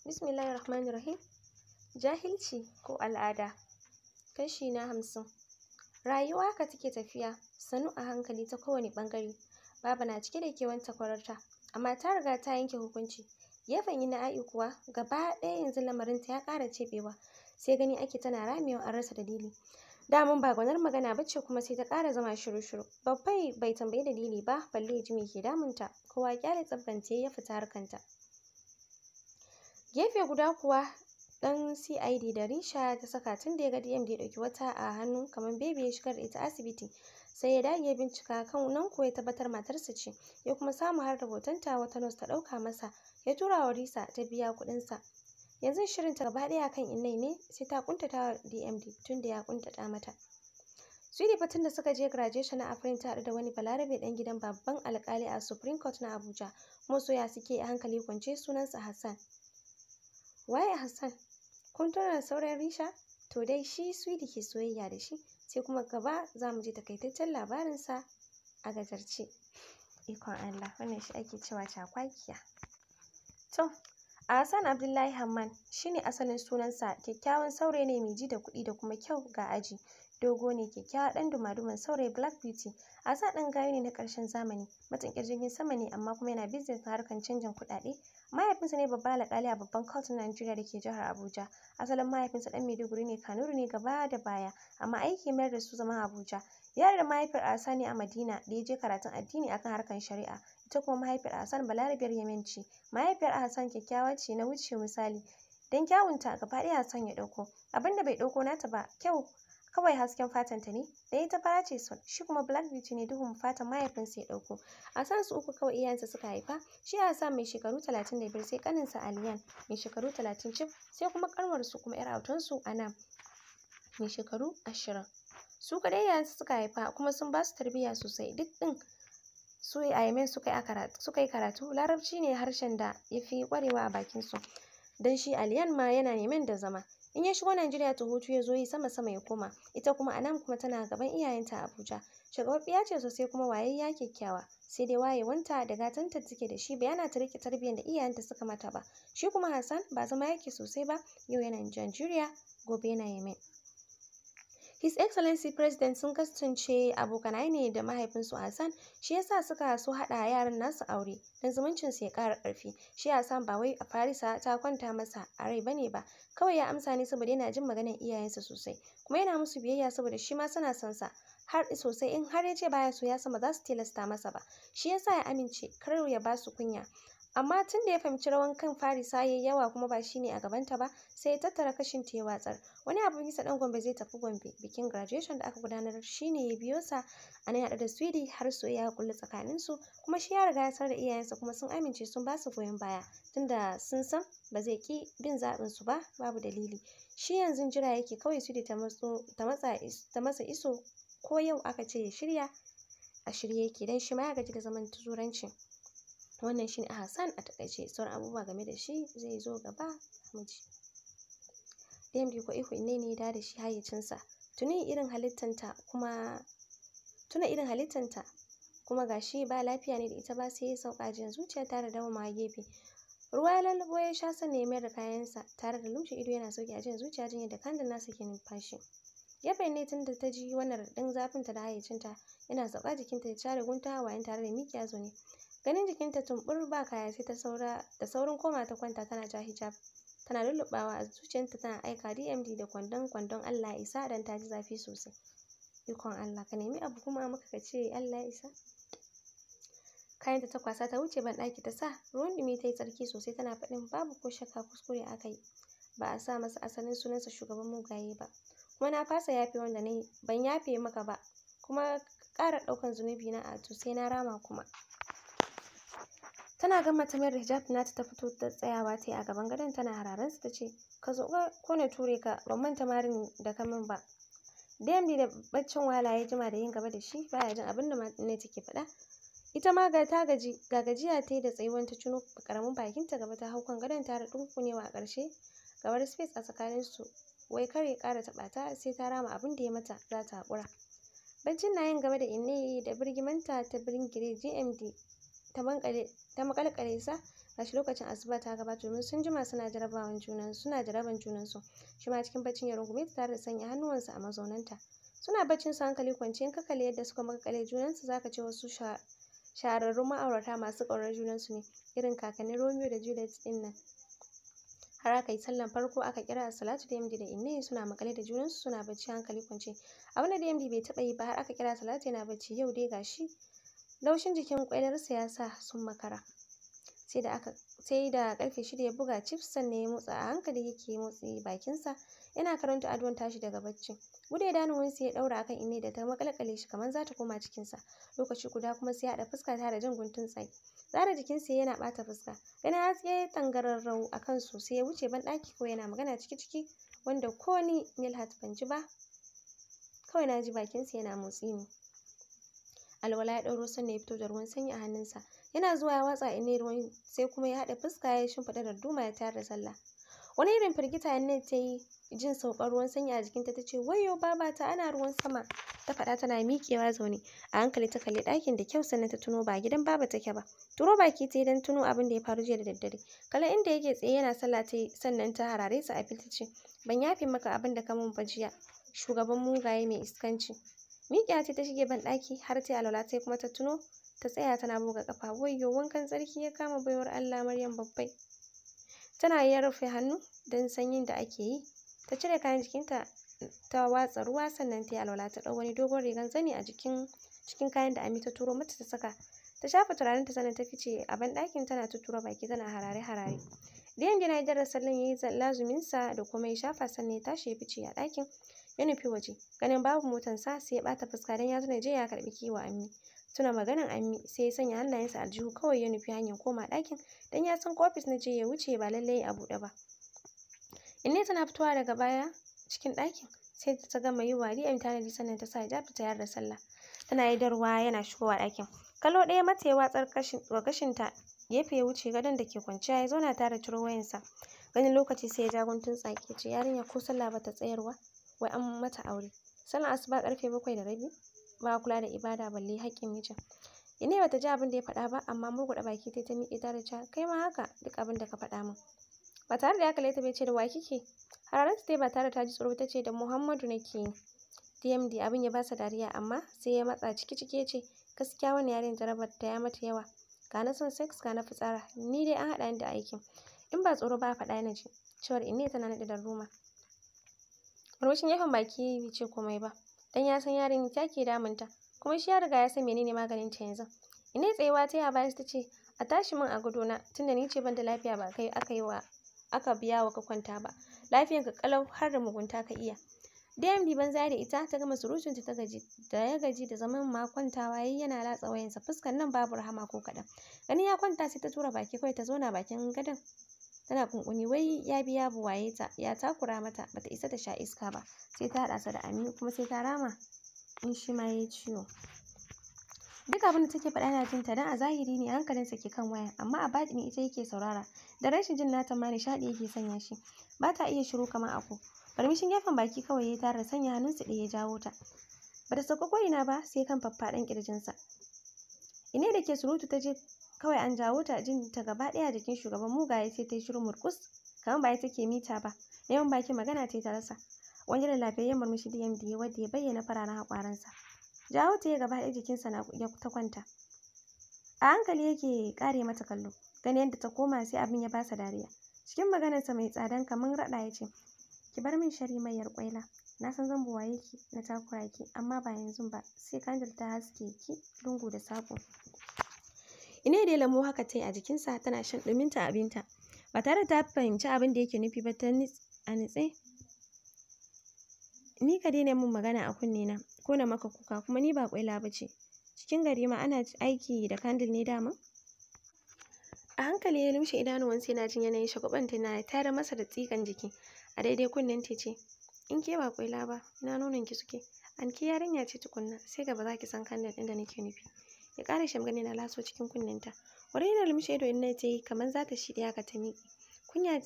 Bismillahir Rahmanir Rahim. Jahilci ko al'ada. Kashi na hamsin. Rayuwa ka take tafiya sanu a hankali ta kowane ɓangare. Baba na cike da kewan takwararta, amma ta riga ta yanke hukunci. Gefen yi na'i kuwa gaba ɗaya yanzu lamarinta ya ƙara cebewa sai gani ake tana ramewa an rasa dalili. Damun ba gwanar magana bace kuma sai ta ƙara zama shiru-shiru. Babbai bai tambayi dalili ba balle ya ji me ke damunta, kowa ƙyale tsabbance ya fita harkanta. gefe guda kuwa dan cid da risha ta saka tun da ya ga dm da ya ɗauki wata a hannu kamar baby ya shigar da ita asibiti sai ya dage bincika kan nan kuwa ya tabbatar matarsa ce ya kuma samu har rahotanta wata nos ta ɗauka masa ya tura wa risa ta biya kuɗinsa yanzu shirin ta gaba ɗaya akan innai ne sai ta kuntata wa dmd tun da ya kuntata mata Sweetie Fatin da suka je graduation na Afrin ta haɗu da wani balarabe dan gidan babban alkali a Supreme Court na Abuja, kuma soya suke a hankali kwance sunansa Hassan. waye hassan kun tona da sauran risha to dai shi swidi ke soyayya da shi sai kuma gaba za mu ji takaitaccen labarinsa a gajarce ikon allah wannan shi ake cewa cakwakiya to a hassan abdullahi hamman shi shine asalin sunansa kyakkyawan saurayi ne mai ji da kuɗi da kuma kyau ga aji dogo ne kyakkyawa ɗan dumaduman saurayi black beauty a sa ɗan gayu ne na ƙarshen zamani matuƙin jirgin sama ne amma kuma yana business na harkan canjin kuɗaɗe mahaifinsa ne babba alƙali a babban kotun Najeriya da ke jihar Abuja asalin mahaifinsa ɗan Maiduguri ne Kanuri ne gaba da baya amma aiki mayar da su zaman Abuja yayar da mahaifiyar Asa ne a Madina da ya je karatun addini akan harkan shari'a ita kuma mahaifiyar Hassan balarabiyar Yemenci mahaifiyar Hassan kyakkyawa ce na wuce misali don kyawunta gaba ɗaya Hassan ya ɗauko abin da bai ɗauko nata ba kyau kawai hasken fatan ta ne da ita fara ce son shi kuma black beauty ne duhun fatan mahaifinsa ya ɗauko a san su uku kawai iyayensa suka haifa shi ya sa mai shekaru talatin da biyar sai kaninsa aliyan mai shekaru talatin cif sai kuma karwar su kuma yar autansu ana mai shekaru ashirin su kadai iyayensa suka haifa kuma sun basu tarbiyya sosai duk ɗin su a yamen suka yi karatu larabci ne harshen da yafi fi kwarewa a su don shi aliyan ma yana neman da zama in ya shigo Najeriya ta hutu ya zo yi sama sama ya koma ita kuma anan kuma tana gaban iyayenta a Abuja shagwabbiya ce sosai kuma wayayya kyakkyawa sai dai wanta da ta take da shi bayana ta rike tarbiyyar da iyayenta suka mata ba shi kuma Hassan ba zama yake sosai ba yau yana Najeriya gobe yana Yemen His Excellency President sun kasance abokanai ne da mahaifinsu Hassan, shi yasa suka so haɗa yaran nasu aure don zumuncin su ya ƙara ƙarfi. Shi Hassan ba wai a Farisa ta kwanta masa a rai bane ba, kawai ya amsa ne saboda yana jin maganar iyayensa sosai, kuma yana musu biyayya saboda shi ma suna son sa. har sosai in har ya ce baya so ya sama za su tilasta masa ba shi yasa ya amince kar ya ba su kunya amma tun da ya fahimci rawan kan farisa yayi yawa kuma ba shine a gabanta ba sai ya tattara kashin ta ya watsar wani abu bisa dan gombe zai tafi gombe bikin graduation da aka gudanar shine ya biyo sa a nan hada da swede har soyayya ya kullu tsakanin su kuma shi ya riga ya sar da iyayensa kuma sun amince sun basu su goyon baya tunda sun san ba zai ƙi bin zaɓin su ba babu dalili shi yanzu jira yake kawai swede ta masa iso ko yau aka ce ya shirya a shirye yake don shi ma ya gaji da zaman tuzurancin wannan shine a hassan a takaice sauran abubuwa game da shi zai zo gaba mu ji bi ko iko ne ne da da shi hayyacinsa tuni irin halittanta kuma tuna irin halittanta kuma gashi ba lafiya ne da ita ba sai ya sauka jin zuciya tare da ma gefe ruwa ya lalubo ya sha sa ne da kayansa tare da lumshe ido yana sauke a jin zuciya jin yadda na nasa ke numfashi ya ne tun da ta ji wannan raɗin zafinta da hayyacinta yana sauka jikinta ya share gunta wayan tare da miki zo ne ganin jikinta tumbur ba kaya sai ta saura da saurin koma ta kwanta tana ja hijab tana lullubawa a zuciyarta tana aika DMD da kwandon kwandon Allah isa dan ta ji zafi sosai ikon Allah ka nemi abu kuma maka ka ce Allah isa kayanta ta kwasa ta wuce ban daki ta sa ruwan dumi ta yi tsarki sosai tana faɗin babu ko shakka kuskure aka yi ba a sa masa asalin sunansa shugaban mugaye ba kuma na fasa yafe wanda nayi ban yafe maka ba kuma kara ɗaukan zunubi na a to sai na rama kuma tana gama ta mayar da hijab nata ta fito ta tsayawa ta yi a gaban gadon tana hararin ta ce ka zo ko na ture ka ban manta marin da ka min ba DMD da baccin wahala ya jima da yin gaba da shi baya jin abin da ne take faɗa ita ma ga ta gaji ga gajiya ta yi da tsayuwan ta cuno karamin bakin ta gaba ta haukan gadon ta dunkunewa a ƙarshe gabar space a tsakanin su wai kar ya ƙara taɓa ta sai ta rama abin da ya mata za ta haƙura baccin na yin gaba da inne da birgimanta ta birgire GMD ta makalkale sa gashi lokacin asuba ta gabata domin sun jima suna jarabawan junan suna jaraban junansu shi ma cikin baccin ya rungume ta tare da sanya hannuwansa a mazaunanta suna baccin su hankali kwance in ka kalli yadda suka makalkale junansu zaka ce wasu shahararrun ma'aurata masu ƙaunar junansu ne irin kakannin Romeo da Juliet din nan har aka yi sallan farko aka kira salatu da yamdi da inne suna makale da junansu suna bacci hankali kwance abin da md bai taba yi ba har aka kira salatu yana bacci yau dai gashi laushin jikin kwalarsa ya sa sun makara sai da aka sai da karfe shida ya buga chips sannan ya motsa a hankali yake motsi bakinsa yana karanta addu'an tashi daga bacci gudu ya ya daura akan ine da ta makalkale shi kamar za ta koma cikinsa lokaci guda kuma sai ya haɗa fuska tare da jan guntun tsaki tsara jikinsa yana ɓata fuska gani ya tsaye tangararrau a kan su sai ya wuce banɗaki ɗaki ko yana magana ciki ciki wanda ko ni milhat ban ji ba kawai na ji bakinsa yana motsi ne alwala ya ɗauro sannan ya fito da ruwan sanyi a hannunsa yana zuwa ya watsa inne ruwan sai kuma ya haɗa fuska ya shimfiɗa da duma ya tayar da sallah wani irin firgita ne ta yi jin saukar ruwan sanyi a jikinta ta ce wayo baba ta ana ruwan sama ta faɗa tana miƙewa zaune a hankali ta kalli ɗakin da kyau sannan ta tuno ba gidan baba take ba turo baki ta yi don tuno abin da ya faru jiya da daddare kala inda yake tsaye yana sallah ta yi sannan ta harare sa a ta ce ban yafe maka abin da ka mun ba jiya shugaban mugaye mai iskanci miƙiya ce ta shige ban ɗaki har ta alwala sai kuma ta tuno ta tsaya tana buga ƙafa wayyo wankan tsarki ya kama baiwar Allah Maryam babbai tana ya rufe hannu don sanyin da ake yi ta cire kayan jikinta ta watsa ruwa sannan ta yi alwala ta ɗau wani dogon rigan zani a jikin cikin kayan da Ami ta turo mata ta saka ta shafa turaren ta sannan ta fice a ban ɗakin tana tura baki tana harare harare Diyan gina ya jarra sallan ya yi lazuminsa da kuma ya shafa sannan ya tashi ya fice a ɗakin ya nufi waje ganin babu motan sa sai ya bata fuska dan ya ya je ya karbi kiwo ammi tuna maganan ammi sai ya sanya hannayensa aljihu kawai ya nufi hanyar koma ɗakin dan ya san ofis na je ya wuce ba lallai a buɗe ba in ne tana fitowa daga baya cikin ɗakin sai ta gama yi wari a tanadi sannan ta sa hijab ta tayar da sallah tana yi idarwa yana shigowa ɗakin kalo ɗaya mata ya watsar ta gefe ya wuce gadon da ke kwanciya ya zauna tare ciro wayansa ganin lokaci sai ya ja guntun tsaki ce yarinya ko sallah ba ta tsayarwa wai an mata aure Sannan asuba karfe bakwai da rabi ba kula da ibada balle haƙƙin mijin ina bata ji abin da ya faɗa ba amma murguɗa baki ta ta miƙe tare ta kai ma haka duk abin da ka faɗa min ba tare da ya kalle ta bai ce da wa kike hararinta ta ba tare ta ji tsoro ta ce da Muhammadu nake DMD abin ya ba sa dariya amma sai ya matsa ciki ciki ya ce gaskiya wani yaren jarabar ta ya mata yawa ga na son sex ga na fitsara ni dai an haɗa ni da aikin in ba tsoro ba faɗa na ji cewar ina tana naɗe da ruma murmushin gefen baki bai ce komai ba dan ya san yarin ta ke ta kuma shi ya riga ya san menene maganin ta yanzu ina tsayewa ta ya bayan ta ce a tashi min a na tunda ni ce ban da lafiya ba kai aka yi wa aka biya wa ka kwanta ba ka kalau har da mugunta ka iya DMD banza da ita ta gama surutun ta gaji da ya gaji da zaman ma kwantawa yayi yana latsa wayansa fuskar nan babu rahama ko kadan Gani ya kwanta sai ta tura baki kawai ta zauna bakin gadon tana kunkuni wai ya bi biya waye ta ya takura mata bata isa ta sha iska ba sai ta haɗa sa da ami kuma sai ta rama in shi ma yayi ciwo duk abin da take faɗa yana jin ta dan a zahiri ne sa ke kan waya amma a batini ita yake saurara da rashin jin nata ma nishaɗi yake sanya shi ba ta iya shiru kamar ako barmishin gefen baki kawai ya tara sanya sa ɗaya ya jawo ta bata sauka ko ina ba sai kan faffaɗan sa ine da ke surutu ta je kawai an jawo ta jin ta gaba ɗaya jikin shugaban mugaye sai ta yi shiru murkus kamar ba ita ke mita ba yawan baki magana ta ta rasa wani da ya murmushi dm da wadda ya bayyana fararen haƙwaransa jawo ta ya gaba daya jikinsa na ya ta kwanta a hankali yake kare mata kallo gani yadda ta koma sai abin ya basa dariya cikin maganarsa mai tsadan kamar raɗa ya ce ki bar min shari mai ƙwaila. na san zan buwaye ki na takura ki amma ba yanzu ba sai kandil ta haske ki lungu da saƙo ina da lamo haka ta yi a jikinsa tana shan ɗuminta abinta ba tare da ta fahimci abin da yake nufi ba ta a nitse ni ka daina min magana a kunne na ko na maka kuka kuma ni ba kwaila ba ce cikin gari ma ana aiki da kandil ne dama a hankali ya lumshe sai yana jin yanayin shagwaban na tare masa da tsikan jiki a daidai kunnen ta ce in ke ba kwaila ba ina nonon ki suke an ki yarinya ce tukunna sai gaba za ki san kandil ɗin da nake nufi ya ƙara magana na laso cikin kunninta wurin yana lumshe ido in tayi yi kamar za ta shi ta miƙe kunya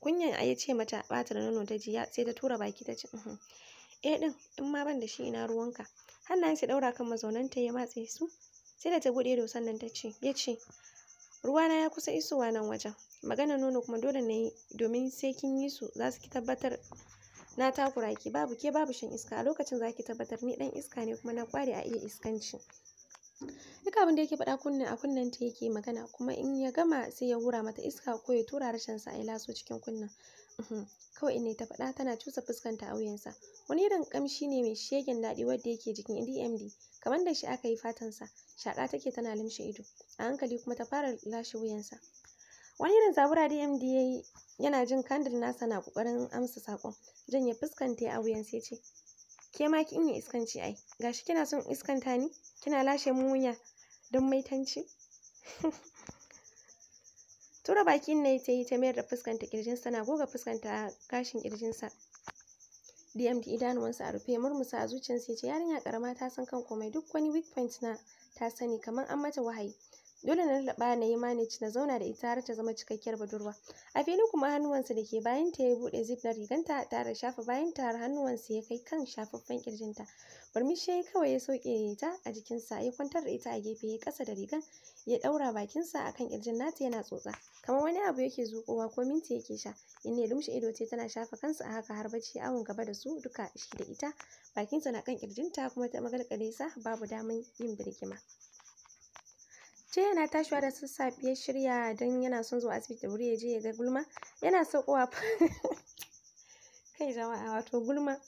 kunyan a yace mata ɓata da nono ta ji sai ta tura baki ta ce uhm, eh din in ma ban da shi ina ruwanka hannayen sai ɗaura kan ta ya matse su sai da ta buɗe ido sannan ta ce ya ce ruwana ya kusa isowa nan wajen maganan nono kuma dole na domin sai kin yi su za su ki tabbatar na takura ki babu ke babu shan iska a lokacin za ki tabbatar ni dan iska ne kuma na kware a iya iskanci duk abin da yake faɗa kunne a kunnen ta yake magana kuma in ya gama sai ya hura mata iska ko ya tura rashin sa ya laso cikin kunnen uhm, kawai ne ta faɗa tana cusa fuskanta a wuyansa wani irin kamshi ne mai shegen daɗi wanda yake jikin DMD kamar da shi aka yi fatansa shaƙa take tana limshe ido a hankali kuma ta fara lashe wuyansa wani irin zabura DMD yayi yana jin kandil nasa na ƙoƙarin amsa saƙon janye fuskanta a wuyansa ya ce ke ma kin yi iskanci ai gashi kina son iskanta ni kina lashe mun wuya don maitanci tura bakin ne ta yi ta mayar da fuskanta kirjinsa na goga fuskanta gashin kirjinsa DMD idanuwansa a rufe murmusa a zuciyarsa ya ce yarinya karama ta san kan komai duk wani weak point na ta sani kamar an mata wahayi dole na laɓa na yi manage na zauna da ita har ta zama cikakkiyar budurwa a fili kuma hannuwansa da ke bayan ta ya buɗe zip na riganta tare da shafa bayan ta har hannuwansa ya kai kan shafaffen kirjinta barmishi kawai ya sauke ta a jikin sa ya kwantar da ita a gefe ya kasa da rigan ya ɗaura bakinsa a kan ƙirjin nata yana tsotsa kamar wani abu yake zuƙowa ko minti yake sha in ya lumshe ido ce tana shafa kansa a haka har bacci awon gaba da su duka shi da ita bakinsa na kan ƙirjinta kuma ta magalkale sa babu daman yin birgima ce yana tashiwa da sassafe ya shirya don yana son zuwa asibiti da wuri ya je ya ga gulma yana saukowa kai jama'a wato gulma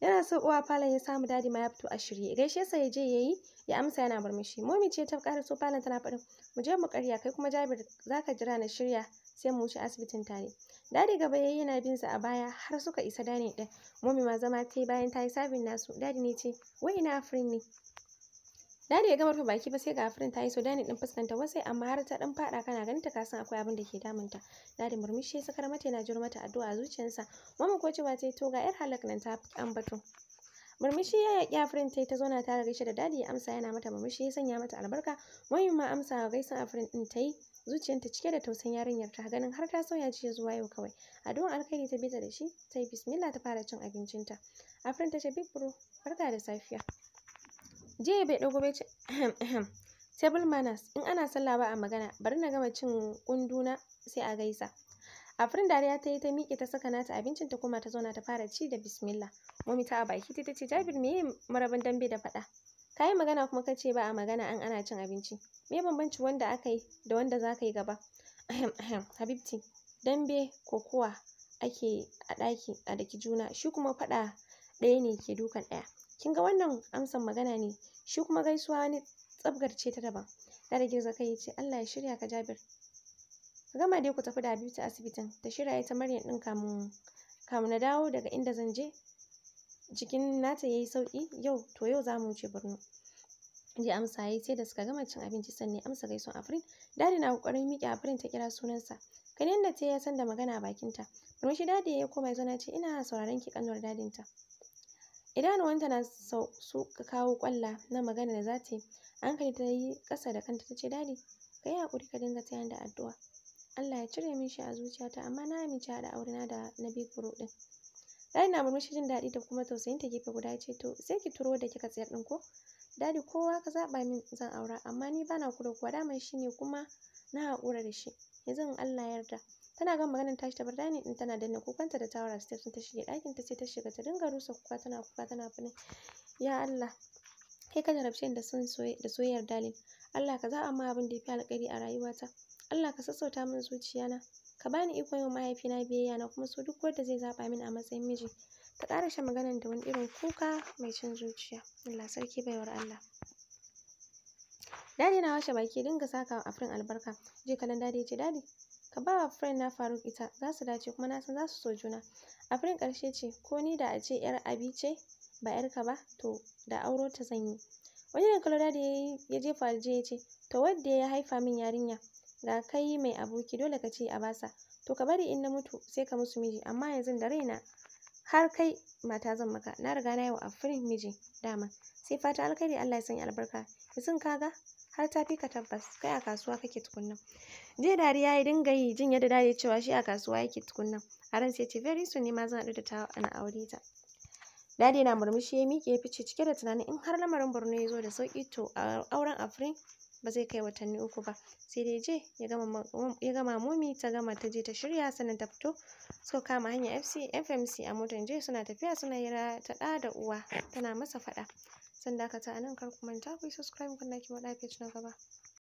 yana falon ya samu dadi ma ya fito a shirye gaishe sa ya je yayi ya amsa yana murmushi momi ce ta ƙara so falon tana faɗin mu je mu karya kai kuma jabir zaka jira na shirya sai mu wuce asibitin tare dadi gaba yayi yana bin sa a baya har suka isa dani din momi ma zama ta bayan ta yi sabin nasu dadi ne ce wai ina afirin ne Dani ya gama rufe baki ba sai ga afirin ta yi so Dani din fuskanta wasai amma har ta dan fada kana ganin ta kasan akwai abin da ke damunta. Dani murmushi ya sakar mata yana jiro mata addu'a a zuciyarsa. Mama ko cewa ta yi to ga yar halak nan ta bato. Murmushi ya yaki afirin ta yi ta zauna ta gaishe da dadi ya amsa yana mata murmushi ya sanya mata albarka. Wayin ma amsa gaisan afirin din ta yi zuciyarta cike da tausayin yarinyar ta ganin har ta sauya jiya zuwa yau kawai addu'an alkhairi ta bita da shi ta yi bismillah ta fara cin abincinta afrin ta ce big bro barka da safiya jiya bai ɗago bai ce table manners in ana sallah ba a magana bari na gama cin kunduna sai a gaisa Afrin dariya ta yi ta miƙe ta saka nata abincin ta kuma ta zauna ta fara ci da bismillah. Mami ta a baki ta ce Jabir me yin marabin dambe da faɗa? Ka yi magana kuma ka ce ba a magana an ana cin abinci. Me bambanci wanda aka yi da wanda za ka yi gaba? Habibti, dambe ko kuwa ake a ɗaki a daki juna shi kuma faɗa ɗaya ne ke dukan ɗaya. kin ga wannan amsan magana ne shi kuma gaisuwa ne ce ta daban da girza kai ya ce Allah ya shirya ka Jabir gama dai ku tafi da Habibu ta asibitin ta shirya ta Maryam din kamun kamun na dawo daga inda zan je jikin nata yayi sauki yau to yau zamu wuce Borno ya amsa yayi sai da suka gama cin abinci sannan amsa gaisuwan Afrin dadi na kokarin miƙe Afrin ta kira sunansa kanin da ta ya san da magana bakinta shi dadi ya koma ya na ce ina sauraron ki kanuwar dadinta idanuwanta na ka kawo kwalla na magana da zata yi hankali ta yi kasa da kanta ta ce dadi ka yi hakuri ka dinga tsayan da addu'a Allah ya cire min shi a zuciyata amma na amince aure na da na big bro din dadi na murmushi jin daɗi da kuma tausayin ta gefe guda ce to sai ki turo da kika tsayar din ko dadi kowa ka zaba min zan aura amma ni bana kula kuwa daman shi ne kuma na haƙura da shi yanzu in Allah ya yarda tana gama maganar tashi ta bar din tana danna kukanta da tawara steps ta shige ɗakin ta sai ta shiga ta dinga rusa kuka tana kuka tana fadin ya Allah kai ka jarabce da son da soyayyar dalin Allah ka zaba ma abin da yafi alƙairi a rayuwata Allah ka sassauta min zuciyana ka bani ikon yau mahaifina biyayya na kuma so duk wanda zai zaba min a matsayin miji ta shan maganar da wani irin kuka mai cin zuciya Allah sarki baiwar Allah Dadi na washe baki dinga saka wa Afrin albarka. Ji kalan dadi ya ce dadi ka ba wa friend na Faruk ita za su dace kuma na san za su so juna a friend ƙarshe ce ko ni da a ce yar abi ce ba yarka ba to da auro ta zan yi wani da kalora da ya jefa je ya ce to wadda ya haifa min yarinya ga kai mai aboki dole ka ce a basa to ka bari in na mutu sai ka musu miji amma yanzu da raina har kai mata zan maka na riga na yi wa afirin miji dama sai fata alkhairi Allah ya sanya albarka yanzu kaga har ta fi ka tabbas kai a kasuwa kake tukunna jiya dariya ya dinga yi jin yadda dadi cewa shi a kasuwa yake tukunna a ran sai ce very soon ne ma zan haɗu da ta ana aure ta dadi yana murmushi ya miƙe ya fice cike da tunanin in har lamarin borno ya zo da sauƙi to auren afrin ba zai kai watanni uku ba sai dai je ya gama momi ta gama ta je ta shirya sannan ta fito suka kama hanya fc fmc a motar je suna tafiya suna hira ta ɗa da uwa tana masa faɗa san dakata a nan kar ku manta ku yi subscribe kun na ki maɗa page na gaba